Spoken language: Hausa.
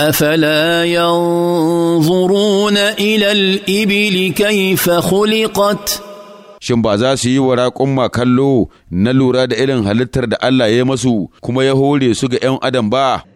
افلا ينظرون الى الابل كيف خلقت shin ba za su yi wa raƙumma kallo na lura da irin halittar da Allah ya masu kuma ya hore su ga ‘yan adam ba’?